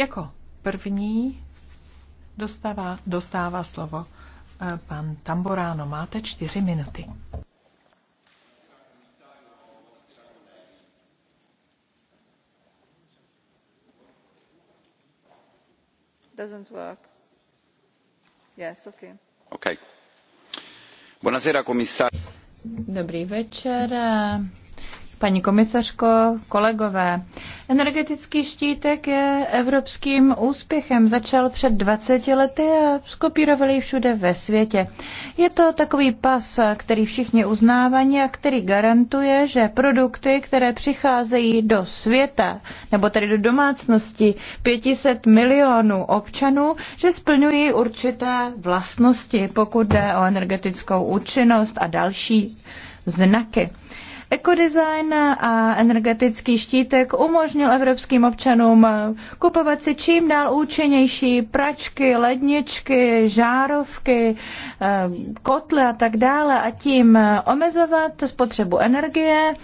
Jako první dostává, dostává slovo eh, pan Tamboráno. Máte čtyři minuty. Doesn't work. Yes, okay. Okay. Buonasera, Dobrý večer, paní komisařko, kolegové. Energetický štítek je evropským úspěchem. Začal před 20 lety a skopírovali ji všude ve světě. Je to takový pas, který všichni uznávají a který garantuje, že produkty, které přicházejí do světa, nebo tedy do domácnosti 500 milionů občanů, že splňují určité vlastnosti, pokud jde o energetickou účinnost a další znaky. Ekodesign a energetický štítek umožnil evropským občanům kupovat si čím dál účinnější pračky, ledničky, žárovky, eh, kotle a tak dále a tím omezovat spotřebu energie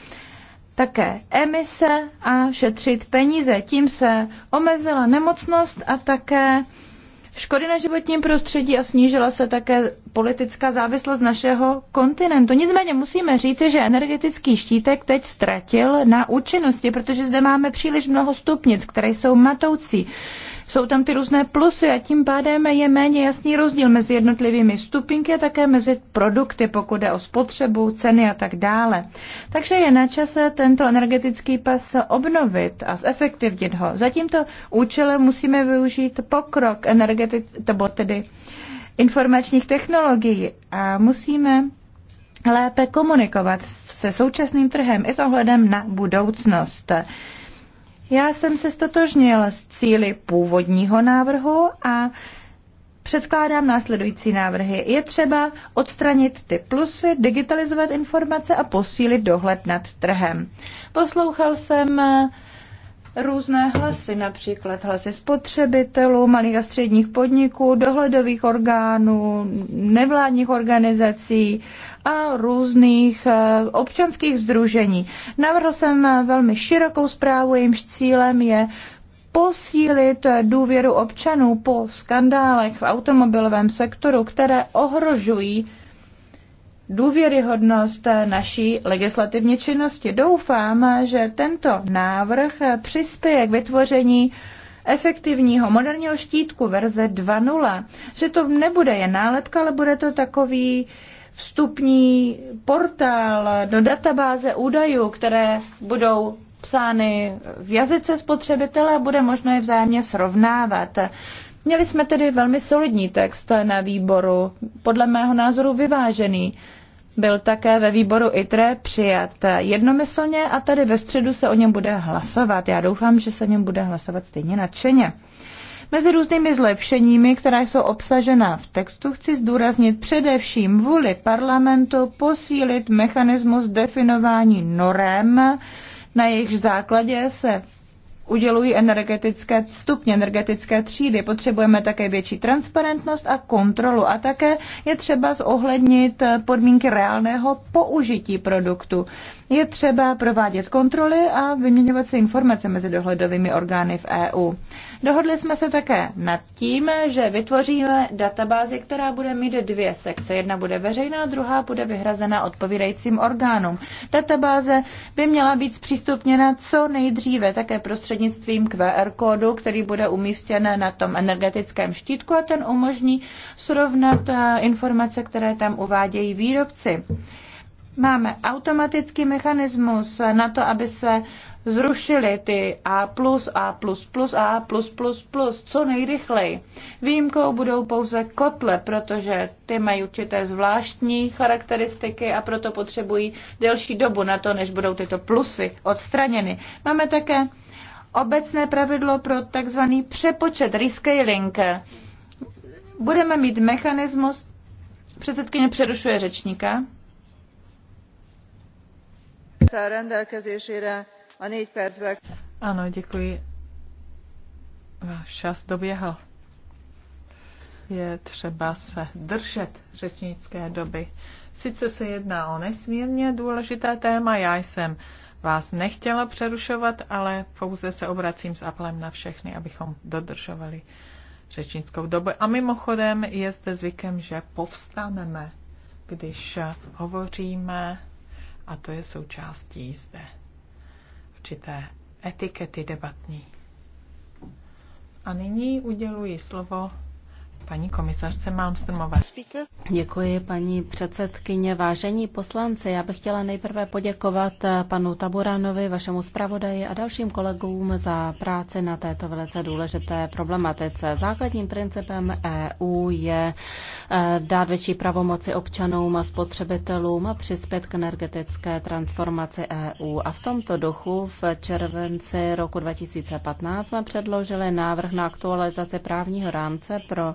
také emise a šetřit peníze. Tím se omezila nemocnost a také škody na životním prostředí a snížila se také politická závislost našeho kontinentu. Nicméně musíme říci, že energetický štítek teď ztratil na účinnosti, protože zde máme příliš mnoho stupnic, které jsou matoucí. Jsou tam ty různé plusy a tím pádem je méně jasný rozdíl mezi jednotlivými stupinky a také mezi produkty, pokud jde o spotřebu, ceny a tak dále. Takže je na čase tento energetický pas obnovit a zefektivnit ho. Za tímto účelem musíme využít pokrok energetický, nebo tedy informačních technologií a musíme lépe komunikovat se současným trhem i s ohledem na budoucnost. Já jsem se stotožnil s cíly původního návrhu a předkládám následující návrhy. Je třeba odstranit ty plusy, digitalizovat informace a posílit dohled nad trhem. Poslouchal jsem různé hlasy, například hlasy spotřebitelů, malých a středních podniků, dohledových orgánů, nevládních organizací, a různých eh, občanských združení. Navrhl jsem eh, velmi širokou zprávu, jejímž cílem je posílit eh, důvěru občanů po skandálech v automobilovém sektoru, které ohrožují důvěryhodnost naší legislativní činnosti. Doufám, že tento návrh přispěje k vytvoření efektivního moderního štítku verze 2.0, že to nebude jen nálepka, ale bude to takový vstupní portál do databáze údajů, které budou psány v jazyce spotřebitele a bude možno je vzájemně srovnávat. Měli jsme tedy velmi solidní text na výboru, podle mého názoru vyvážený. Byl také ve výboru ITRE přijat jednomyslně a tady ve středu se o něm bude hlasovat. Já doufám, že se o něm bude hlasovat stejně nadšeně. Mezi různými zlepšeními, která jsou obsažena v textu, chci zdůraznit především vůli parlamentu posílit mechanismus definování norem, na jejichž základě se udělují energetické stupně, energetické třídy. Potřebujeme také větší transparentnost a kontrolu a také je třeba zohlednit podmínky reálného použití produktu. Je třeba provádět kontroly a vyměňovat se informace mezi dohledovými orgány v EU. Dohodli jsme se také nad tím, že vytvoříme databázi, která bude mít dvě sekce. Jedna bude veřejná, druhá bude vyhrazena odpovídajícím orgánům. Databáze by měla být zpřístupněna co nejdříve, také prostřednictvím QR kódu, který bude umístěn na tom energetickém štítku a ten umožní srovnat eh, informace, které tam uvádějí výrobci. Máme automatický mechanismus na to, aby se zrušili ty A+, A++, A++, co nejrychleji. Výjimkou budou pouze kotle, protože ty mají určité zvláštní charakteristiky a proto potřebují delší dobu na to, než budou tyto plusy odstraněny. Máme také obecné pravidlo pro takzvaný přepočet, rescaling. Budeme mít mechanismus, předsedkyně přerušuje řečníka, ano, děkuji. Váš čas doběhl. Je třeba se držet řečnické doby. Sice se jedná o nesmírně důležité téma, já jsem vás nechtěla přerušovat, ale pouze se obracím s apelem na všechny, abychom dodržovali řečnickou dobu. A mimochodem je zde zvykem, že povstaneme, když hovoříme a to je součástí zde určité etikety debatní. A nyní uděluji slovo paní komisařce Malmstrmové. Děkuji, paní předsedkyně. Vážení poslanci, já bych chtěla nejprve poděkovat eh, panu Taburanovi, vašemu zpravodaji a dalším kolegům za práci na této velice důležité problematice. Základním principem EU je eh, dát větší pravomoci občanům a spotřebitelům a přispět k energetické transformaci EU. A v tomto duchu v červenci roku 2015 jsme předložili návrh na aktualizaci právního rámce pro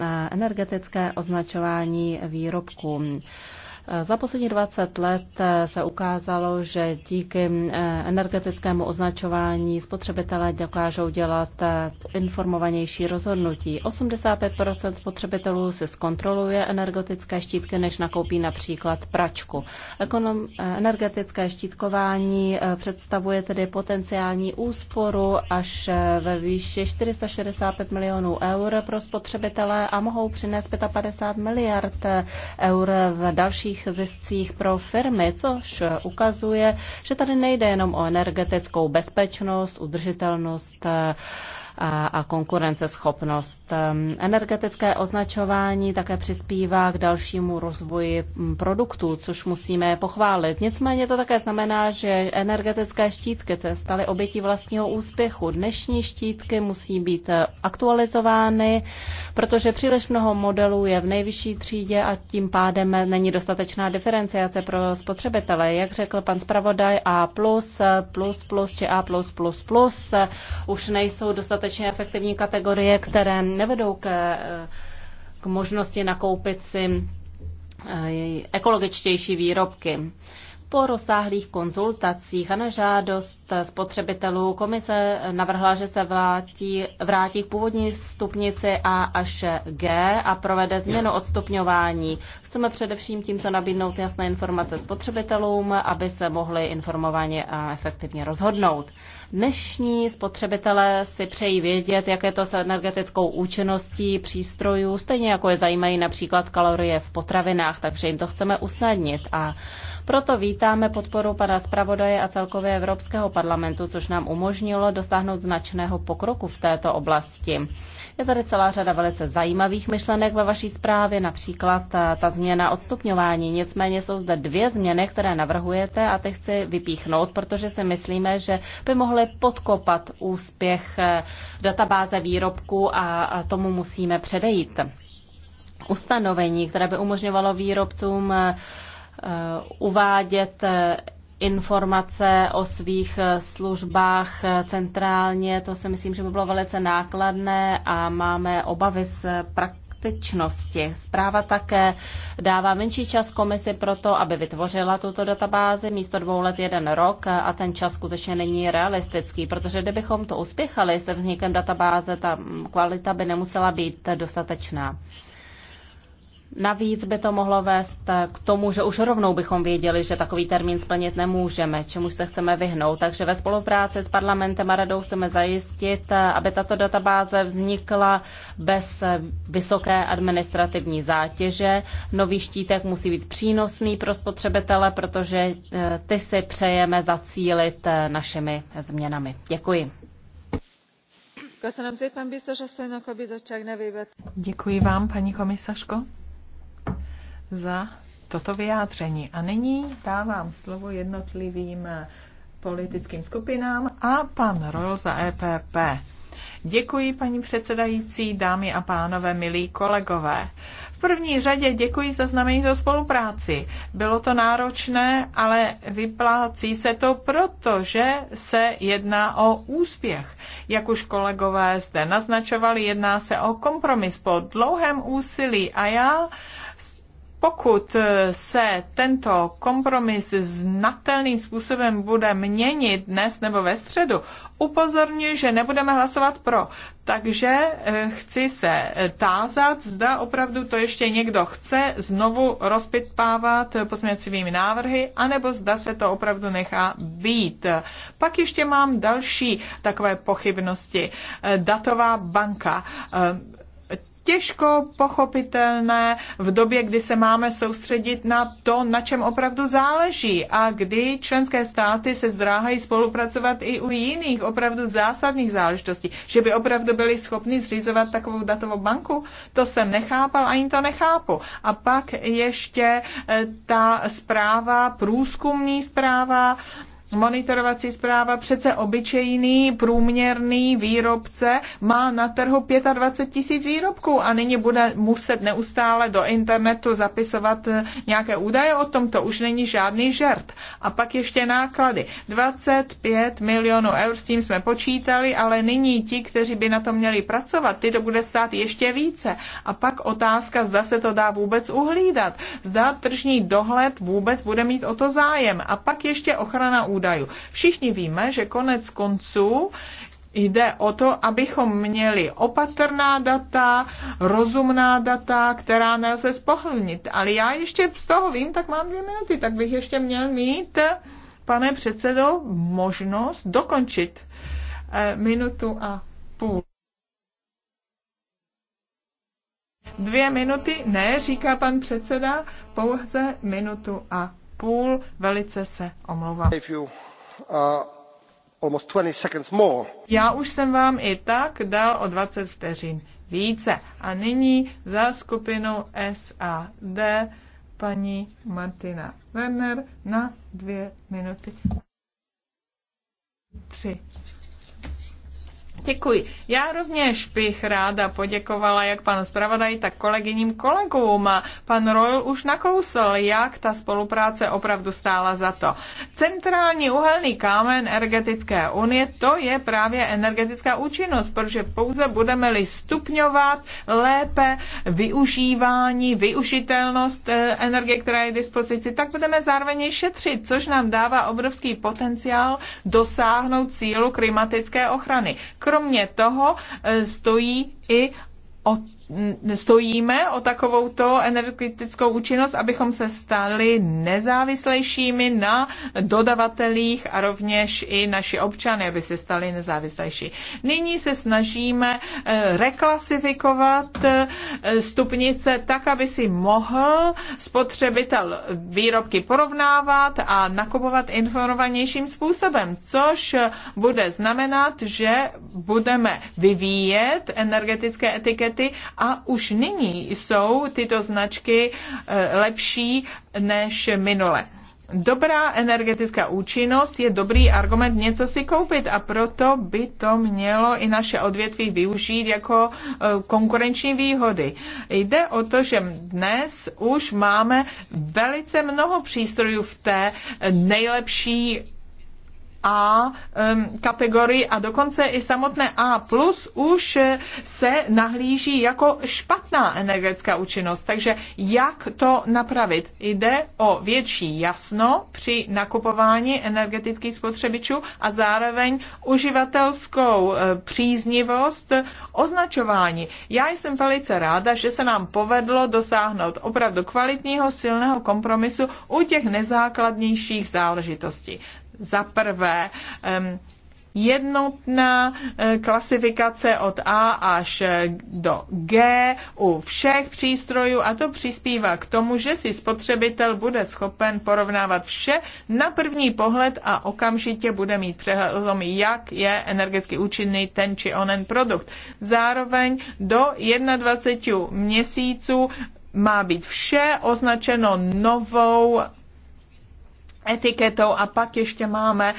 Eh, energetické označování výrobků. Za poslední 20 let se ukázalo, že díky eh, energetickému označování spotřebitelé dokážou dělat eh, informovanější rozhodnutí. 85 spotřebitelů si zkontroluje energetické štítky, než nakoupí například pračku. Ekonom, energetické štítkování eh, představuje tedy potenciální úsporu až ve výši 465 milionů eur pro spotřebitele a mohou přinést 55 miliard eur v dalších velkých ziscích pro firmy, což ukazuje, že tady nejde jenom o energetickou bezpečnost, udržitelnost a konkurenceschopnost. Energetické označování také přispívá k dalšímu rozvoji produktů, což musíme pochválit. Nicméně to také znamená, že energetické štítky se staly obětí vlastního úspěchu. Dnešní štítky musí být e, aktualizovány, protože příliš mnoho modelů je v nejvyšší třídě a tím pádem není dostatečná diferenciace pro spotřebitele. Jak řekl pan zpravodaj, A+, plus, plus plus či A++, plus plus e, už nejsou dostatečné dostatečně efektivní kategorie, které nevedou k, k možnosti nakoupit si eh, ekologičtější výrobky. Po rozsáhlých konzultacích a na žádost spotřebitelů komise navrhla, že se vrátí, vrátí k původní stupnici A až G a provede změnu odstupňování. Chceme především tímto nabídnout jasné informace spotřebitelům, aby se mohli informovaně a efektivně rozhodnout. Dnešní spotřebitelé si přejí vědět, jak je to s energetickou účinností přístrojů, stejně jako je zajímají například kalorie v potravinách, takže jim to chceme usnadnit. A proto vítáme podporu pana zpravodaje a celkově Evropského parlamentu, což nám umožnilo dosáhnout značného pokroku v této oblasti. Je tady celá řada velice zajímavých myšlenek ve vaší zprávě, například ta, eh, ta změna odstupňování. Nicméně jsou zde dvě změny, které navrhujete a ty chci vypíchnout, protože si myslíme, že by mohly podkopat úspěch eh, databáze výrobků a tomu musíme předejít ustanovení, které by umožňovalo výrobcům eh, Eh, uvádět eh, informace o svých eh, službách centrálně. To si myslím, že by bylo velice nákladné a máme obavy z praktiky skutečnosti. Zpráva také dává menší čas komisi pro to, aby vytvořila tuto databázi, místo dvou let jeden rok a ten čas skutečně není realistický, protože kdybychom to uspěchali se vznikem databáze, ta mm, kvalita by nemusela být dostatečná. Navíc by to mohlo vést k tomu, že už rovnou bychom věděli, že takový termín splnit nemůžeme, čemu se chceme vyhnout. Takže ve spolupráci s parlamentem a radou chceme zajistit, aby tato databáze vznikla bez vysoké administrativní zátěže. Nový štítek musí být přínosný pro spotřebitele, protože eh, ty si přejeme zacílit eh, našimi změnami. Děkuji. Děkuji vám, paní komisařko za toto vyjádření. A nyní dávám slovo jednotlivým eh, politickým skupinám a pan Rol za EPP. Děkuji, paní předsedající, dámy a pánové, milí kolegové. V první řadě děkuji za znamení za spolupráci. Bylo to náročné, ale vyplácí se to, protože se jedná o úspěch. Jak už kolegové zde naznačovali, jedná se o kompromis po dlouhém úsilí a já pokud eh, se tento kompromis znatelným způsobem bude měnit dnes nebo ve středu, upozorňuji, že nebudeme hlasovat pro. Takže eh, chci se eh, tázat, zda opravdu to ještě někdo chce znovu rozpitpávat pozměňovacími návrhy, anebo zda se to opravdu nechá být. Pak ještě mám další takové pochybnosti. Datová banka těžko pochopitelné v době, kdy se máme soustředit na to, na čem opravdu záleží a kdy členské státy se zdráhají spolupracovat i u jiných opravdu zásadních záležitostí, že by opravdu byli schopni zřizovat takovou datovou banku, to jsem nechápal, ani to nechápu. A pak ještě eh, ta zpráva, průzkumní zpráva, monitorovací zpráva, přece obyčejný průměrný výrobce má na trhu 25 tisíc výrobků a nyní bude muset neustále do internetu zapisovat eh, nějaké údaje o tom, to už není žádný žert. A pak ještě náklady. 25 milionů eur, s tím jsme počítali, ale nyní ti, kteří by na to měli pracovat, ty to bude stát ještě více. A pak otázka, zda se to dá vůbec uhlídat, zda tržní dohled vůbec bude mít o to zájem. A pak ještě ochrana údajů údajů. Všichni víme, že konec konců Jde o to, abychom měli opatrná data, rozumná data, která nelze spohlnit. Ale já ještě z toho vím, tak mám dvě minuty, tak bych ještě měl mít, pane předsedo, možnost dokončit eh, minutu a půl. Dvě minuty? Ne, říká pan předseda, pouze minutu a půl. Velice se omlouvám. Uh, Já už jsem vám i tak dal o 20 vteřin více. A nyní za skupinu SAD paní Martina Werner na dvě minuty. Tři. Děkuji. Já rovněž bych ráda poděkovala jak panu zpravodaji, tak kolegyním kolegům. Pan Royal už nakousl, jak ta spolupráce opravdu stála za to. Centrální uhelný kámen energetické unie, to je právě energetická účinnost, protože pouze budeme-li stupňovat lépe využívání, využitelnost eh, energie, která je k dispozici, tak budeme zároveň šetřit, což nám dává obrovský potenciál dosáhnout cílu klimatické ochrany. Krom kromě toho eh, stojí i o stojíme o takovouto energetickou účinnost, abychom se stali nezávislejšími na dodavatelích a rovněž i naši občany, aby se stali nezávislejší. Nyní se snažíme eh, reklasifikovat eh, stupnice tak, aby si mohl spotřebitel výrobky porovnávat a nakupovat informovanějším způsobem, což bude znamenat, že budeme vyvíjet energetické etikety a už nyní jsou tyto značky eh, lepší než minule. Dobrá energetická účinnost je dobrý argument něco si koupit a proto by to mělo i naše odvětví využít jako eh, konkurenční výhody. Jde o to, že dnes už máme velice mnoho přístrojů v té eh, nejlepší a um, kategorii a dokonce i samotné A plus už se nahlíží jako špatná energetická účinnost. Takže jak to napravit? Jde o větší jasno při nakupování energetických spotřebičů a zároveň uživatelskou eh, příznivost označování. Já jsem velice ráda, že se nám povedlo dosáhnout opravdu kvalitního, silného kompromisu u těch nezákladnějších záležitostí. Za prvé, jednotná e, klasifikace od A až do G u všech přístrojů a to přispívá k tomu, že si spotřebitel bude schopen porovnávat vše na první pohled a okamžitě bude mít přehled o tom, jak je energeticky účinný ten či onen produkt. Zároveň do 21 měsíců má být vše označeno novou etiketou a pak ještě máme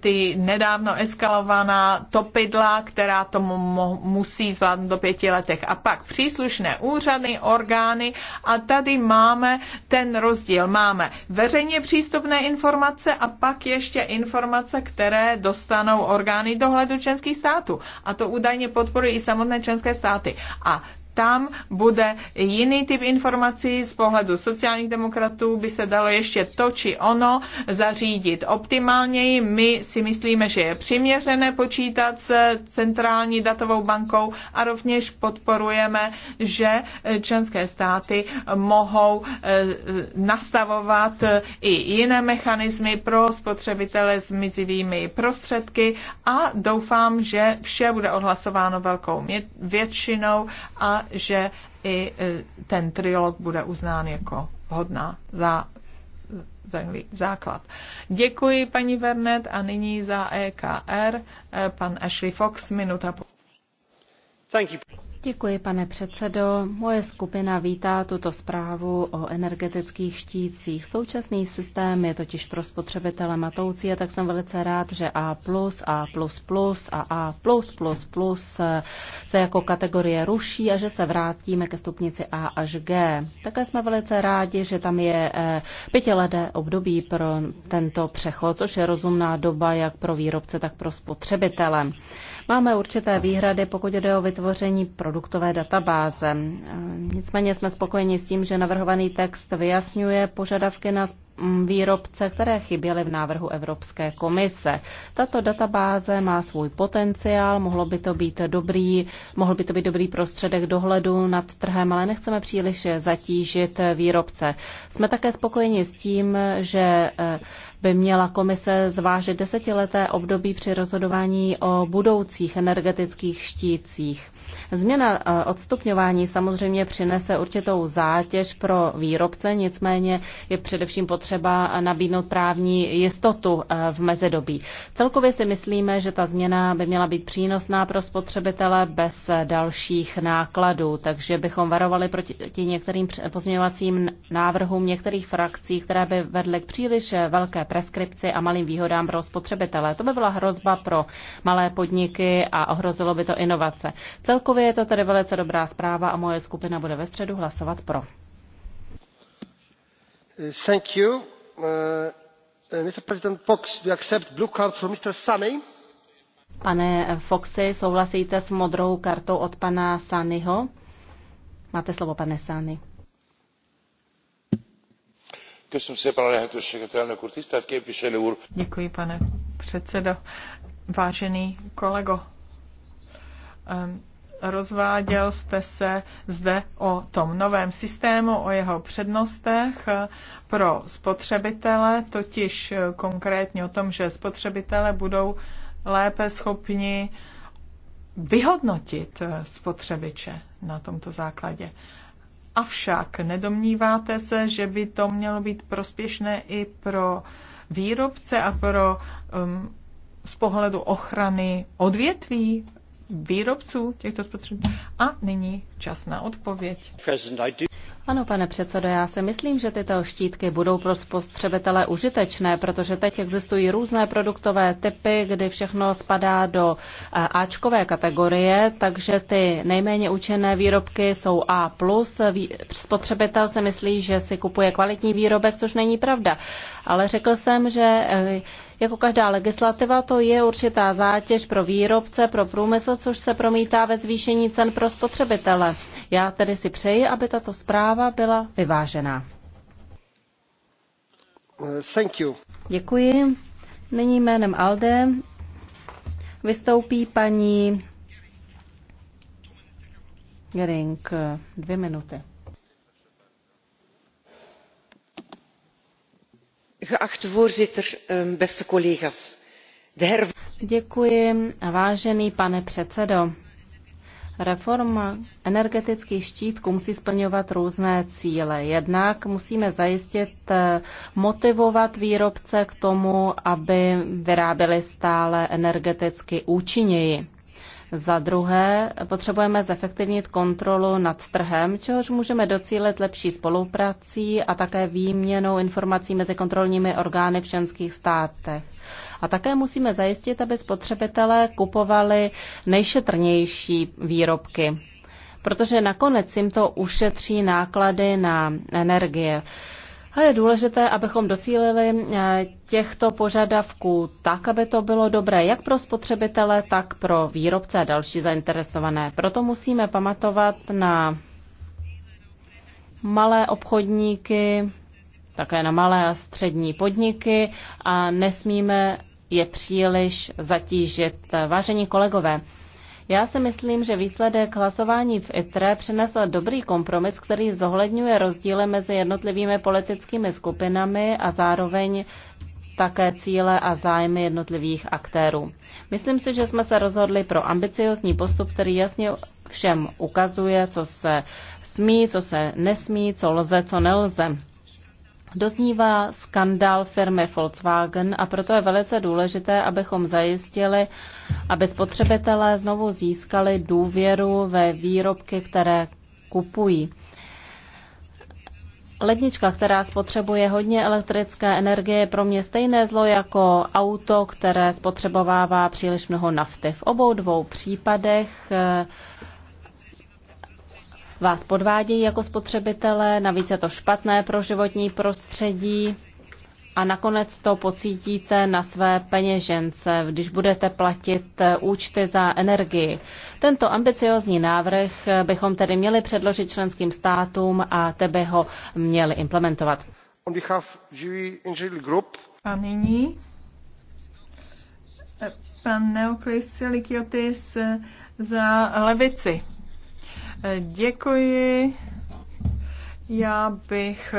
ty nedávno eskalovaná topidla, která tomu mo- musí zvládnout do pěti letech. A pak příslušné úřady, orgány a tady máme ten rozdíl. Máme veřejně přístupné informace a pak ještě informace, které dostanou orgány dohledu členských států. A to údajně podporují i samotné členské státy. A tam bude jiný typ informací z pohledu sociálních demokratů, by se dalo ještě to či ono zařídit optimálněji. My si myslíme, že je přiměřené počítat s centrální datovou bankou a rovněž podporujeme, že členské státy mohou eh, nastavovat i jiné mechanismy pro spotřebitele s mizivými prostředky a doufám, že vše bude odhlasováno velkou většinou a že i e, ten trilog bude uznán jako vhodná za základ. Děkuji paní Vernet a nyní za EKR e, pan Ashley Fox minuta. Thank you. Děkuji, pane předsedo. Moje skupina vítá tuto zprávu o energetických štících. Současný systém je totiž pro spotřebitele matoucí a tak jsem velice rád, že A+, A++ a A+++ se jako kategorie ruší a že se vrátíme ke stupnici A až G. Také jsme velice rádi, že tam je eh, pětileté období pro tento přechod, což je rozumná doba jak pro výrobce, tak pro spotřebitele. Máme určité výhrady, pokud jde o vytvoření produktové databáze. Nicméně jsme spokojeni s tím, že navrhovaný text vyjasňuje požadavky na Mm, výrobce, které chyběly v návrhu Evropské komise. Tato databáze má svůj potenciál, mohlo by to být dobrý, mohl by to být dobrý prostředek dohledu nad trhem, ale nechceme příliš zatížit výrobce. Jsme také spokojeni s tím, že eh, by měla komise zvážit desetileté období při rozhodování o budoucích energetických štítcích. Změna eh, odstupňování samozřejmě přinese určitou zátěž pro výrobce, nicméně je především potřeba eh, nabídnout právní jistotu eh, v mezidobí. Celkově si myslíme, že ta změna by měla být přínosná pro spotřebitele bez dalších nákladů, takže bychom varovali proti některým pozměňovacím návrhům některých frakcí, které by vedly k příliš velké preskripci a malým výhodám pro spotřebitele. To by byla hrozba pro malé podniky a ohrozilo by to inovace. Celkově Celkově je to tedy velice dobrá zpráva a moje skupina bude ve středu hlasovat pro. Thank you. Uh, uh Mr. President Fox, do you accept blue card from Mr. Sunny? Pane Foxy, souhlasíte s modrou kartou od pana Sanyho? Máte slovo, pane Sany. Děkuji, pane předsedo. Vážený kolego, um, rozváděl jste se zde o tom novém systému, o jeho přednostech pro spotřebitele, totiž konkrétně o tom, že spotřebitele budou lépe schopni vyhodnotit spotřebiče na tomto základě. Avšak nedomníváte se, že by to mělo být prospěšné i pro výrobce a pro um, z pohledu ochrany odvětví výrobců těchto spotřebitelů. A nyní čas na odpověď. Ano, pane předsedo, já si myslím, že tyto štítky budou pro spotřebitele užitečné, protože teď existují různé produktové typy, kdy všechno spadá do eh, Ačkové kategorie, takže ty nejméně učené výrobky jsou A+. Spotřebitel si myslí, že si kupuje kvalitní výrobek, což není pravda. Ale řekl jsem, že eh, jako každá legislativa to je určitá zátěž pro výrobce, pro průmysl, což se promítá ve zvýšení cen pro spotřebitele. Já tedy si přeji, aby tato zpráva byla vyvážená. Uh, thank you. Děkuji. Nyní jménem Alde vystoupí paní Gering. Dvě minuty. Ehm, Děkuji, vážený pane předsedo. Reforma energetických štítků musí splňovat různé cíle. Jednak musíme zajistit eh, motivovat výrobce k tomu, aby vyráběli stále energeticky účinněji. Za druhé, potřebujeme zefektivnit kontrolu nad trhem, čehož můžeme docílit lepší spoluprací a také výměnou informací mezi kontrolními orgány v členských státech. A také musíme zajistit, aby spotřebitelé kupovali nejšetrnější výrobky, protože nakonec jim to ušetří náklady na energie. A je důležité, abychom docílili eh, těchto požadavků tak, aby to bylo dobré jak pro spotřebitele, tak pro výrobce a další zainteresované. Proto musíme pamatovat na malé obchodníky, také na malé a střední podniky a nesmíme je příliš zatížit. Vážení kolegové, já si myslím, že výsledek hlasování v ITRE přinesl dobrý kompromis, který zohledňuje rozdíly mezi jednotlivými politickými skupinami a zároveň také cíle a zájmy jednotlivých aktérů. Myslím si, že jsme se rozhodli pro ambiciozní postup, který jasně všem ukazuje, co se smí, co se nesmí, co lze, co nelze doznívá skandál firmy Volkswagen a proto je velice důležité, abychom zajistili, aby spotřebitelé znovu získali důvěru ve výrobky, které kupují. Lednička, která spotřebuje hodně elektrické energie, je pro mě stejné zlo jako auto, které spotřebovává příliš mnoho nafty. V obou dvou případech eh, vás podvádějí jako spotřebitele, navíc je to špatné pro životní prostředí a nakonec to pocítíte na své peněžence, když budete platit eh, účty za energii. Tento ambiciozní návrh bychom tedy měli předložit členským státům a tebe ho měli implementovat. On behalf e Group. A nyní eh, pan Neoklis Silikiotis eh, za levici. Děkuji. Já bych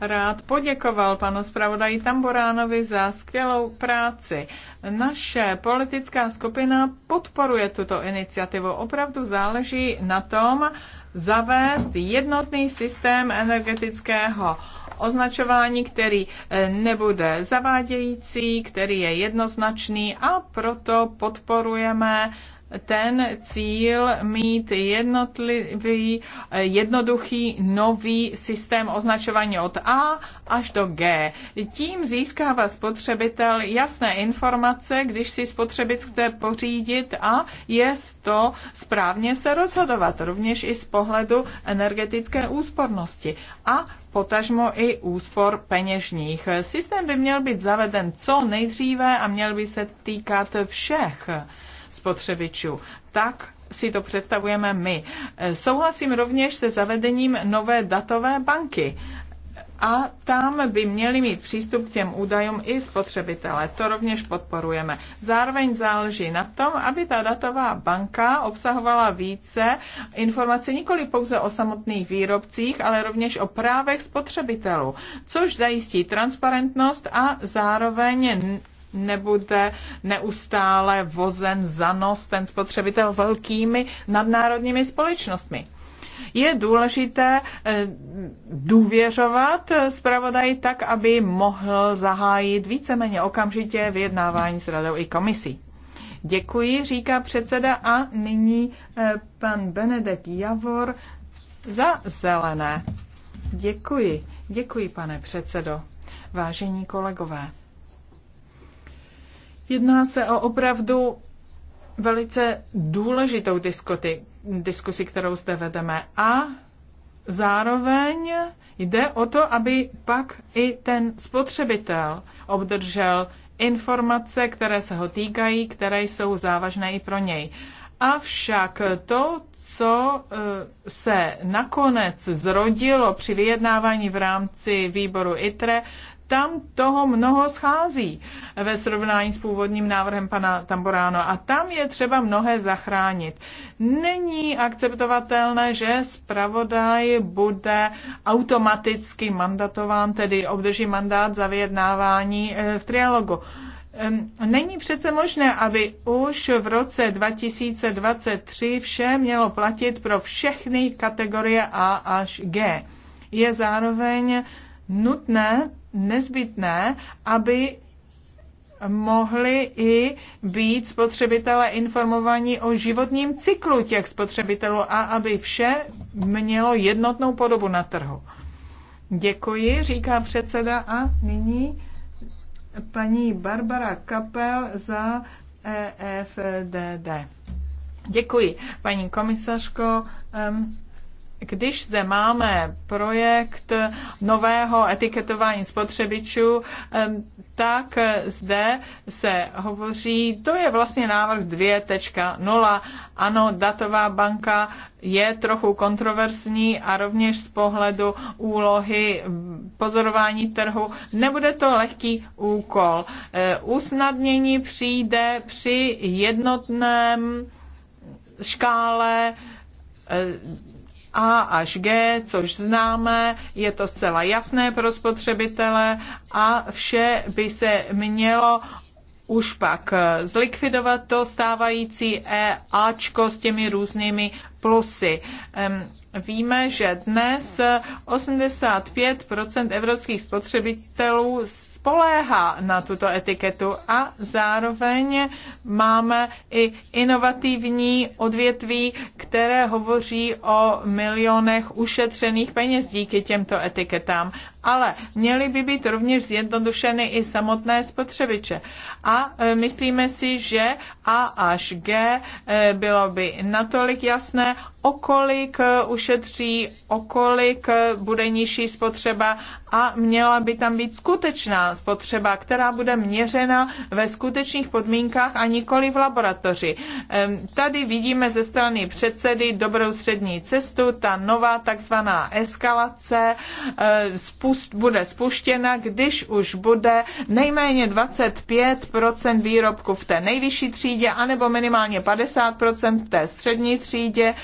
rád poděkoval panu zpravodaji Tamboránovi za skvělou práci. Naše politická skupina podporuje tuto iniciativu. Opravdu záleží na tom zavést jednotný systém energetického označování, který eh, nebude zavádějící, který je jednoznačný a proto podporujeme ten cíl mít jednotlivý, jednoduchý nový systém označování od A až do G. Tím získává spotřebitel jasné informace, když si spotřebit chce pořídit a je to správně se rozhodovat, rovněž i z pohledu energetické úspornosti. A potažmo i úspor peněžních. Systém by měl být zaveden co nejdříve a měl by se týkat všech spotřebičů. Tak si to představujeme my. Souhlasím rovněž se zavedením nové datové banky a tam by měli mít přístup k těm údajům i spotřebitelé. To rovněž podporujeme. Zároveň záleží na tom, aby ta datová banka obsahovala více informací nikoli pouze o samotných výrobcích, ale rovněž o právech spotřebitelů, což zajistí transparentnost a zároveň nebude neustále vozen za nos ten spotřebitel velkými nadnárodními společnostmi. Je důležité eh, důvěřovat eh, zpravodaji tak, aby mohl zahájit víceméně okamžitě vyjednávání s radou i komisí. Děkuji, říká předseda a nyní eh, pan Benedek Javor za zelené. Děkuji, děkuji pane předsedo. Vážení kolegové. Jedná se o opravdu velice důležitou diskuty, diskusi, kterou zde vedeme. A zároveň jde o to, aby pak i ten spotřebitel obdržel informace, které se ho týkají, které jsou závažné i pro něj. Avšak to, co e, se nakonec zrodilo při vyjednávání v rámci výboru ITRE, tam toho mnoho schází ve srovnání s původním návrhem pana Tamboráno a tam je třeba mnohé zachránit. Není akceptovatelné, že zpravodaj bude automaticky mandatován, tedy obdrží mandát za vyjednávání eh, v trialogu. Není přece možné, aby už v roce 2023 vše mělo platit pro všechny kategorie A až G. Je zároveň nutné nezbytné, aby mohli i být spotřebitelé informovaní o životním cyklu těch spotřebitelů a aby vše mělo jednotnou podobu na trhu. Děkuji, říká předseda a nyní paní Barbara Kapel za EFDD. Děkuji, paní komisařko. Um, když zde máme projekt nového etiketování spotřebičů, tak zde se hovoří, to je vlastně návrh 2.0. Ano, datová banka je trochu kontroverzní a rovněž z pohledu úlohy pozorování trhu nebude to lehký úkol. E, usnadnění přijde při jednotném škále e, a až G, což známe, je to zcela jasné pro spotřebitele a vše by se mělo už pak zlikvidovat to stávající E Ačko s těmi různými plusy. Víme, že dnes 85% evropských spotřebitelů spoléhá na tuto etiketu a zároveň máme i inovativní odvětví, které hovoří o milionech ušetřených peněz díky těmto etiketám ale měly by být rovněž zjednodušeny i samotné spotřebiče. A e, myslíme si, že A až G e, bylo by natolik jasné, okolik e, ušetří, okolik bude nižší spotřeba a měla by tam být skutečná spotřeba, která bude měřena ve skutečných podmínkách a nikoli v laboratoři. Tady vidíme ze strany předsedy dobrou střední cestu, ta nová takzvaná eskalace, způsob spust, bude spuštěna, když už bude nejméně 25 výrobku v té nejvyšší třídě, anebo minimálně 50 v té střední třídě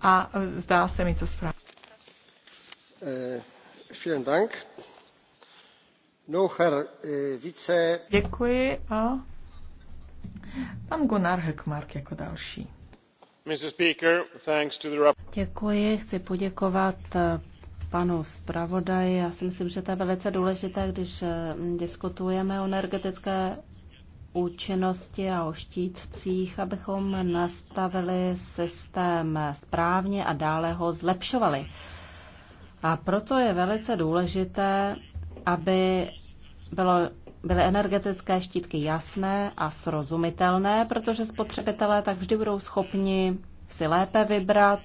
a e, zdá se mi to správně. Eh, vielen Dank. No, her, eh, vice... Děkuji a pan Gunnar Hökmark jako další. Speaker, the Děkuji, chci poděkovat eh, panu zpravodaji. Já si myslím, že to je velice důležité, když eh, diskutujeme o energetické účinnosti a o štítcích, abychom nastavili systém správně a dále ho zlepšovali. A proto je velice důležité, aby bylo, byly energetické štítky jasné a srozumitelné, protože spotřebitelé tak vždy budou schopni si lépe vybrat.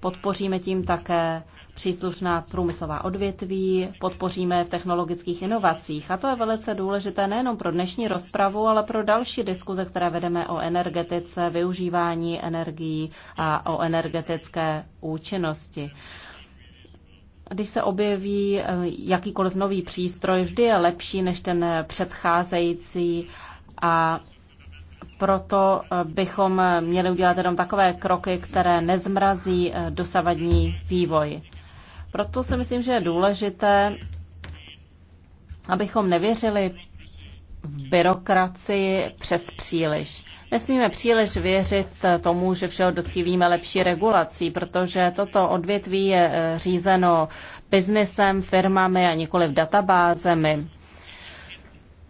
Podpoříme tím také příslušná průmyslová odvětví, podpoříme v technologických inovacích. A to je velice důležité nejenom pro dnešní rozpravu, ale pro další diskuze, které vedeme o energetice, využívání energií a o energetické účinnosti. Když se objeví eh, jakýkoliv nový přístroj, vždy je lepší než ten předcházející a proto eh, bychom měli udělat jenom takové kroky, které nezmrazí eh, dosavadní vývoj. Proto si myslím, že je důležité, abychom nevěřili v byrokracii přes příliš. Nesmíme příliš věřit tomu, že všeho docílíme lepší regulací, protože toto odvětví je eh, řízeno biznesem, firmami a nikoli v databázemi.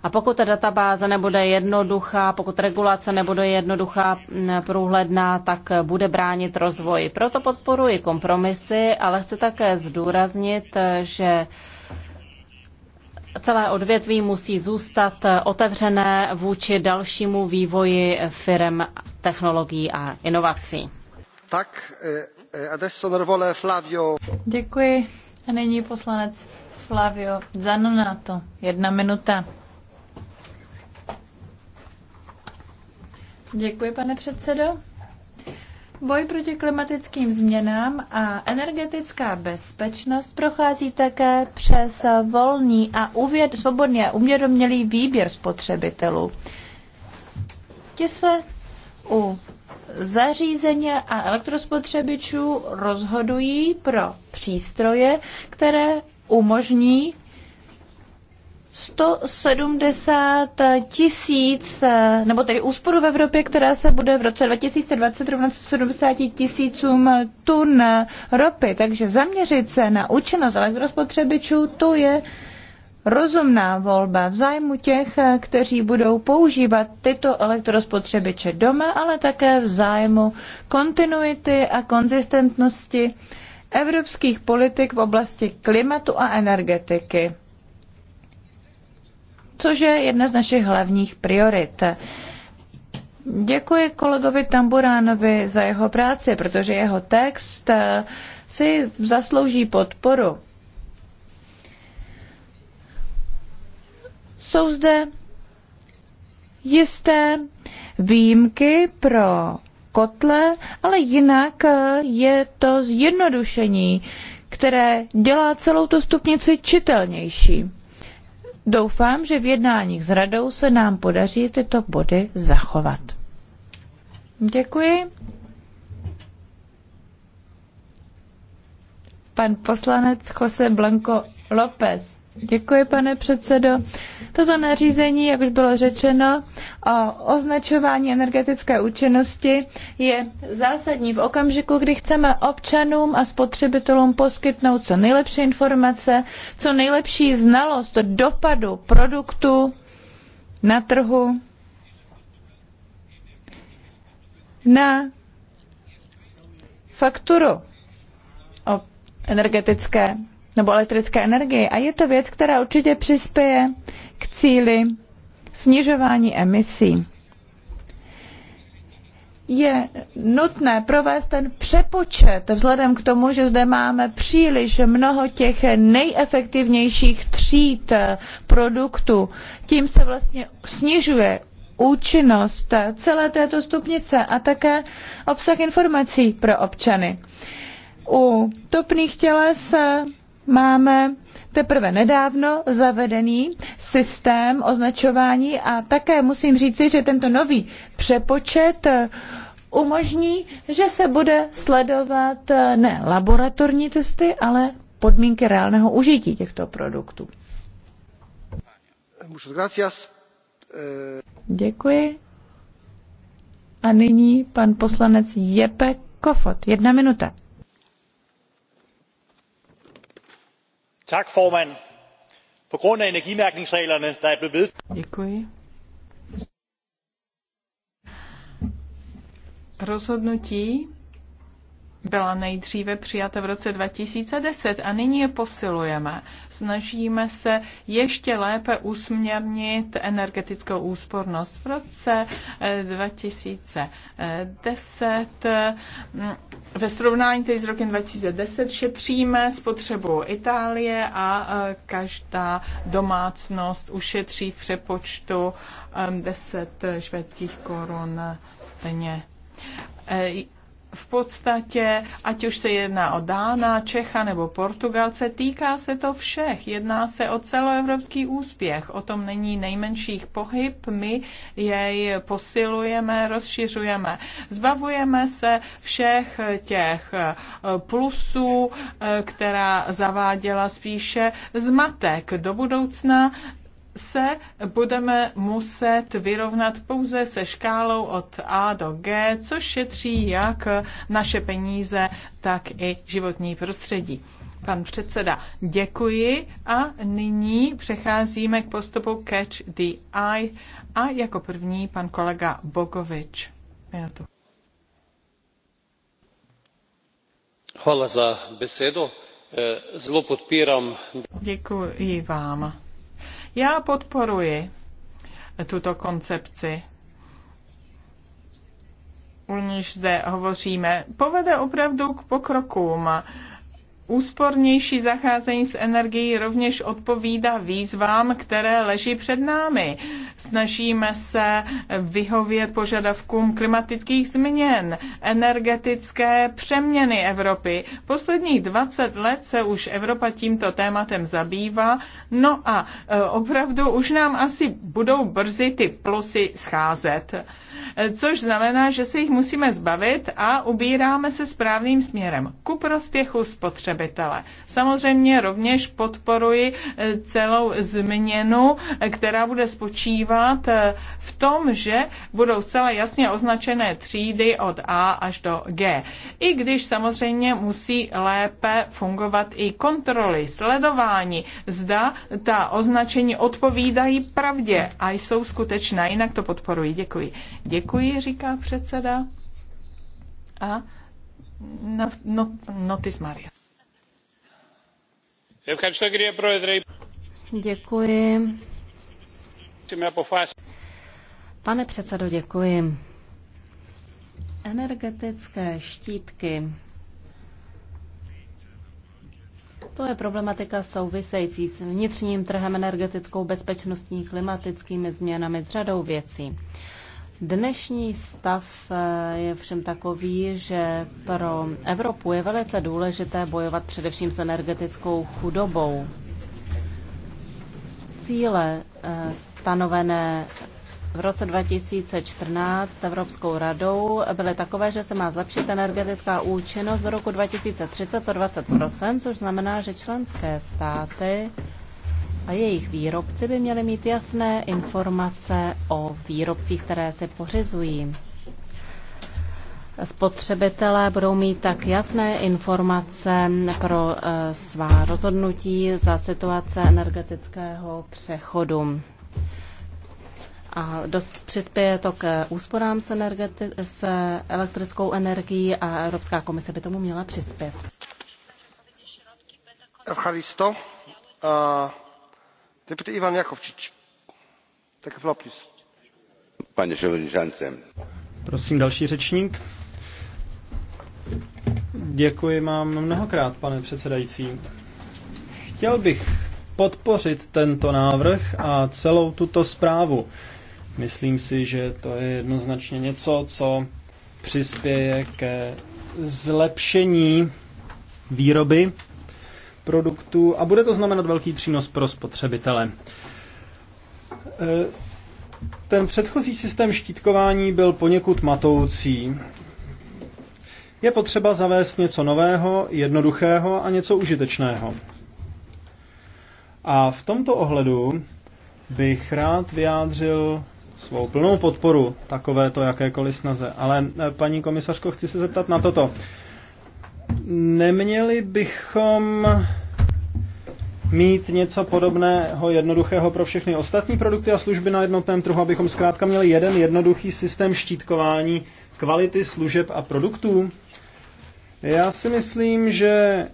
A pokud ta databáze nebude jednoduchá, pokud regulace nebude jednoduchá, průhledná, tak bude bránit rozvoji. Proto podporuji kompromisy, ale chci také zdůraznit, že celé odvětví musí zůstat otevřené vůči dalšímu vývoji firm technologií a inovací. Tak, eh, eh, adesso nervole Flavio. Děkuji. A nyní poslanec Flavio Zanonato. Jedna minuta. Děkuji, pane předsedo. Boj proti klimatickým změnám a energetická bezpečnost prochází také přes volný a uvěd, svobodný a umědomělý výběr spotřebitelů. Ti se u zařízení a elektrospotřebičů rozhodují pro přístroje, které umožní 170 tisíc, eh, nebo tedy úsporu v Evropě, která se bude v roce 2020 rovnat 170 tisícům tun ropy. Takže zaměřit se na účinnost elektrospotřebičů, to je rozumná volba v zájmu těch, eh, kteří budou používat tyto elektrospotřebiče doma, ale také v zájmu kontinuity a konzistentnosti evropských politik v oblasti klimatu a energetiky což je jedna z našich hlavních priorit. Děkuji kolegovi Tamburánovi za jeho práci, protože jeho text eh, si zaslouží podporu. Jsou zde jisté výjimky pro kotle, ale jinak eh, je to zjednodušení, které dělá celou tu stupnici čitelnější. Doufám, že v jednáních s radou se nám podaří tyto body zachovat. Děkuji. Pan poslanec Jose Blanco López. Děkuji, pane předsedo. Toto nařízení, jak už bylo řečeno, o označování energetické účinnosti je zásadní v okamžiku, kdy chceme občanům a spotřebitelům poskytnout co nejlepší informace, co nejlepší znalost dopadu produktu na trhu na fakturu o energetické nebo elektrické energie. A je to věc, která určitě přispěje k cíli snižování emisí. Je nutné provést ten přepočet vzhledem k tomu, že zde máme příliš mnoho těch nejefektivnějších tříd produktů. Tím se vlastně snižuje účinnost celé této stupnice a také obsah informací pro občany. U topných těles máme teprve nedávno zavedený systém označování a také musím říci, že tento nový přepočet eh, umožní, že se bude sledovat eh, ne laboratorní testy, ale podmínky reálného užití těchto produktů. Eh, Děkuji. A nyní pan poslanec Jepe Kofot. Jedna minuta. Tak, formand. På grund af energimærkningsreglerne, der er blevet vedtaget... Rozhodnutí byla nejdříve přijata v roce 2010 a nyní je posilujeme. Snažíme se ještě lépe usměrnit energetickou úspornost. V roce 2010 eh, mm, ve srovnání s rokem 2010 šetříme spotřebu Itálie a eh, každá domácnost ušetří v přepočtu 10 eh, švédských korun denně v podstatě, ať už se jedná o Dána, Čecha nebo Portugalce, týká se to všech. Jedná se o celoevropský úspěch. O tom není nejmenších pohyb. My jej posilujeme, rozšiřujeme. Zbavujeme se všech těch eh, plusů, eh, která zaváděla spíše zmatek. Do budoucna se budeme muset vyrovnat pouze se škálou od A do G, což šetří jak naše peníze, tak i životní prostředí. Pan předseda, děkuji a nyní přecházíme k postupu Catch the Eye a jako první pan kolega Bogovič. Minutu. Hvala za besedu. E, Zlo podpíram. Děkuji vám. Já podporuji tuto koncepci u níž zde hovoříme, povede opravdu k pokrokům Úspornější zacházení s energií rovněž odpovídá výzvám, které leží před námi. Snažíme se vyhovět požadavkům klimatických změn, energetické přeměny Evropy. Posledních 20 let se už Evropa tímto tématem zabývá. No a e, opravdu už nám asi budou brzy ty plusy scházet což znamená, že se jich musíme zbavit a ubíráme se správným směrem ku prospěchu spotřebitele. Samozřejmě rovněž podporuji eh, celou změnu, eh, která bude spočívat eh, v tom, že budou zcela jasně označené třídy od A až do G. I když samozřejmě musí lépe fungovat i kontroly, sledování, zda ta označení odpovídají pravdě a jsou skutečná. Jinak to podporuji. Děkuji. Děkuji Děkuji, říká předseda. A no, no, notis Maria. Děkuji. Pane předsedo, děkuji. Energetické štítky. To je problematika související s vnitřním trhem energetickou bezpečnostní klimatickými změnami s řadou věcí. Dnešní stav eh, je všem takový, že pro Evropu je velice důležité bojovat především s energetickou chudobou. Cíle eh, stanovené v roce 2014 Evropskou radou byly takové, že se má zlepšit energetická účinnost do roku 2030 o 20 což znamená, že členské státy a jejich výrobci by měli mít jasné informace o výrobcích, které si pořizují. Spotřebitelé budou mít tak jasné informace pro eh, svá rozhodnutí za situace energetického přechodu. A dost přispěje to k úsporám s, energeti- s elektrickou energií a Evropská komise by tomu měla přispět. Evcharisto. Eh, Prosím další řečník. Děkuji vám mnohokrát, pane předsedající. Chtěl bych podpořit tento návrh a celou tuto zprávu. Myslím si, že to je jednoznačně něco, co přispěje ke zlepšení výroby produktů a bude to znamenat velký přínos pro spotřebitele. E, ten předchozí systém štítkování byl poněkud matoucí. Je potřeba zavést něco nového, jednoduchého a něco užitečného. A v tomto ohledu bych rád vyjádřil svou plnou podporu takovéto jakékoliv snaze. Ale e, paní komisařko, chci se zeptat na toto. Neměli bychom mít něco podobného jednoduchého pro všechny ostatní produkty a služby na jednotném trhu, abychom zkrátka měli jeden jednoduchý systém štítkování kvality služeb a produktů? Já si myslím, že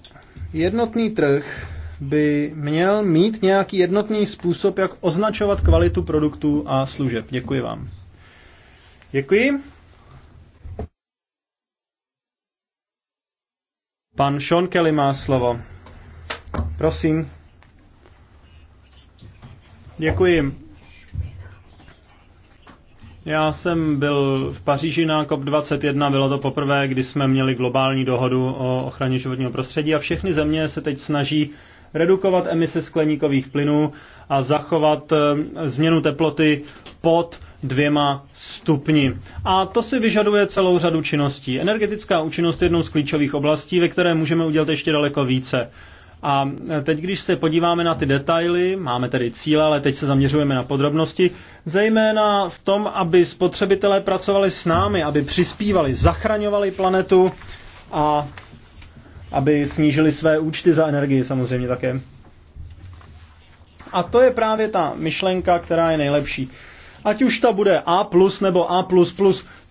jednotný trh by měl mít nějaký jednotný způsob, jak označovat kvalitu produktů a služeb. Děkuji vám. Děkuji. Pan Sean Kelly má slovo. Prosím. Děkuji. Já jsem byl v Paříži na COP21, bylo to poprvé, kdy jsme měli globální dohodu o ochraně životního prostředí a všechny země se teď snaží redukovat emise skleníkových plynů a zachovat eh, změnu teploty pod dvěma stupni. A to si vyžaduje celou řadu činností. Energetická účinnost je jednou z klíčových oblastí, ve které můžeme udělat ještě daleko více. A teď, když se podíváme na ty detaily, máme tedy cíle, ale teď se zaměřujeme na podrobnosti, zejména v tom, aby spotřebitelé pracovali s námi, aby přispívali, zachraňovali planetu a aby snížili své účty za energii samozřejmě také. A to je právě ta myšlenka, která je nejlepší. Ať už ta bude A+, nebo A++,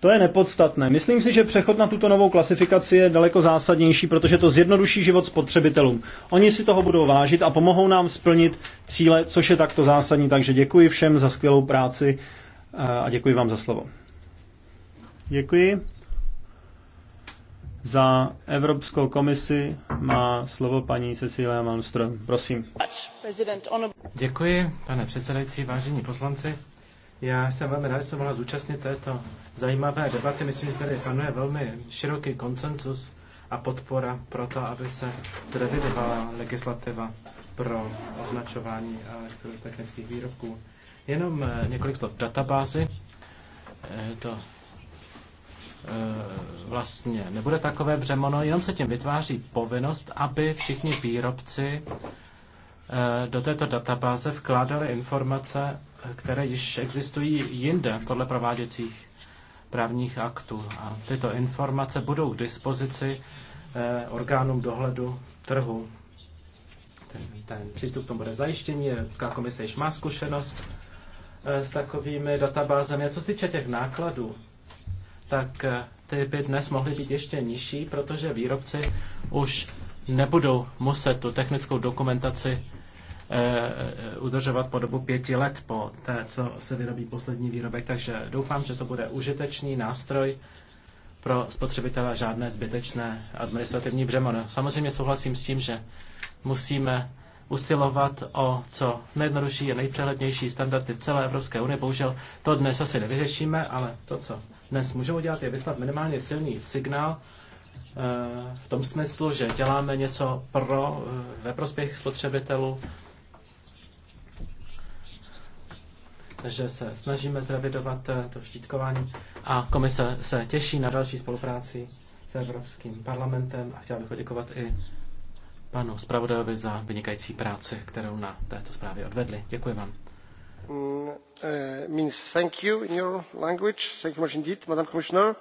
to je nepodstatné. Myslím si, že přechod na tuto novou klasifikaci je daleko zásadnější, protože to zjednoduší život spotřebitelům. Oni si toho budou vážit a pomohou nám splnit cíle, což je takto zásadní. Takže děkuji všem za skvělou práci eh, a děkuji vám za slovo. Děkuji. Za Evropskou komisi má slovo paní Cecília Malmström. Prosím. Děkuji, pane předsedající, vážení poslanci. Já jsem velmi rád, že jsem mohla zúčastnit této zajímavé debaty. Myslím, že tady panuje velmi široký konsenzus a podpora pro to, aby se revidovala legislativa pro označování elektrotechnických výrobků. Jenom eh, několik slov databázy. Eh, to eh, vlastně nebude takové břemono, jenom se tím vytváří povinnost, aby všichni výrobci do této databáze vkládali informace které již existují jinde podle prováděcích právních aktů. A tyto informace budou k dispozici eh, orgánům dohledu trhu. Ten, ten přístup k tomu bude zajištění. Evropská komise již má zkušenost eh, s takovými databázemi. Co se týče těch nákladů, tak eh, ty by dnes mohly být ještě nižší, protože výrobci už nebudou muset tu technickou dokumentaci Eh, udržovat po dobu pěti let po té, co se vyrobí poslední výrobek. Takže doufám, že to bude užitečný nástroj pro spotřebitele žádné zbytečné administrativní břemeno. Samozřejmě souhlasím s tím, že musíme usilovat o co nejjednodušší a nejpřehlednější standardy v celé Evropské unii. Bohužel to dnes asi nevyřešíme, ale to, co dnes můžeme udělat, je vyslat minimálně silný signál eh, v tom smyslu, že děláme něco pro, eh, ve prospěch spotřebitelů že se snažíme zrevidovat eh, to štítkování a komise se těší na další spolupráci s Evropským parlamentem a chtěla bych poděkovat i panu zpravodajovi za vynikající práci, kterou na této zprávě odvedli. Děkuji vám. Mm, uh, thank you in your language. Thank you much indeed, Madam Commissioner.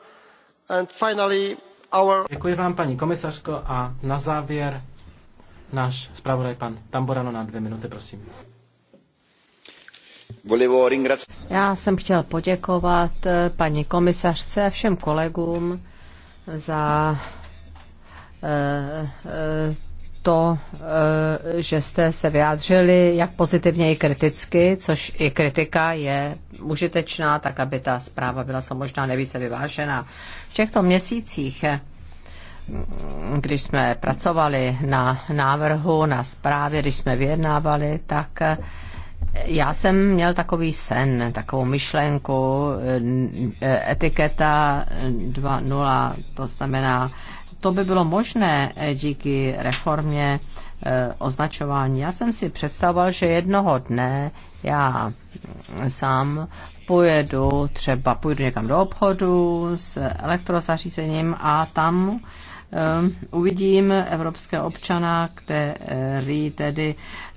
And finally, our... Děkuji vám, paní komisařko, a na závěr náš zpravodaj pan Tamborano na dvě minuty, prosím. Já jsem chtěl poděkovat eh, paní komisařce a všem kolegům za eh, eh, to, že jste se vyjádřili jak pozitivně i kriticky, což i kritika je užitečná, tak aby ta zpráva byla co možná nejvíce vyvážená. V těchto měsících když jsme pracovali na návrhu, na zprávě, když jsme vyjednávali, tak já jsem měl takový sen, takovou myšlenku, eh, eh, etiketa 2.0, to znamená, to by bylo možné eh, díky reformě označování. Já jsem si představoval, že jednoho dne já mm, sám pojedu, třeba půjdu někam do obchodu s elektrozařízením a tam Ehm, uvidím evropské občana, který tedy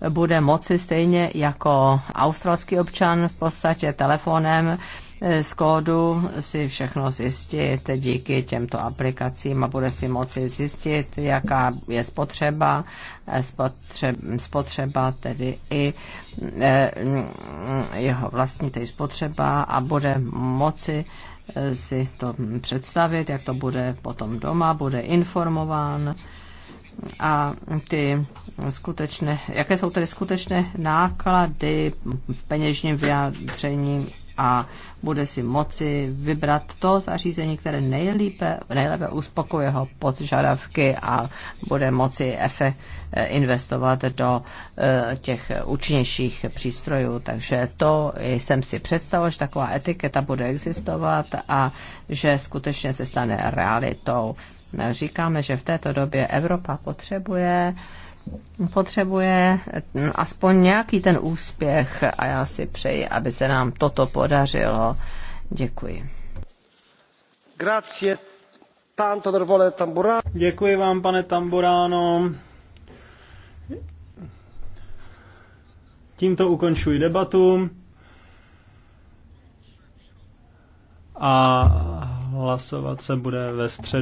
bude moci stejně jako australský občan v podstatě telefonem eh, z kódu si všechno zjistit díky těmto aplikacím a bude si moci zjistit, jaká je spotřeba, eh, spotřeba, spotřeba tedy i eh, mm, jeho vlastní tedy spotřeba a bude moci si to představit, jak to bude potom doma, bude informován a ty skutečné, jaké jsou tedy skutečné náklady v peněžním vyjádření a bude si moci vybrat to zařízení, které nejlépe, nejlépe uspokuje jeho podžadavky a bude moci efe eh, investovat do eh, těch účinnějších přístrojů. Takže to jsem si představil, že taková etiketa bude existovat a že skutečně se stane realitou. Říkáme, že v této době Evropa potřebuje uh, potřebuje mm, aspoň nějaký ten úspěch a já si přeji, aby se nám toto podařilo. Děkuji. Grazie. Děkuji vám, pane Tamburáno. Tímto ukončuji debatu a hlasovat se bude ve středu.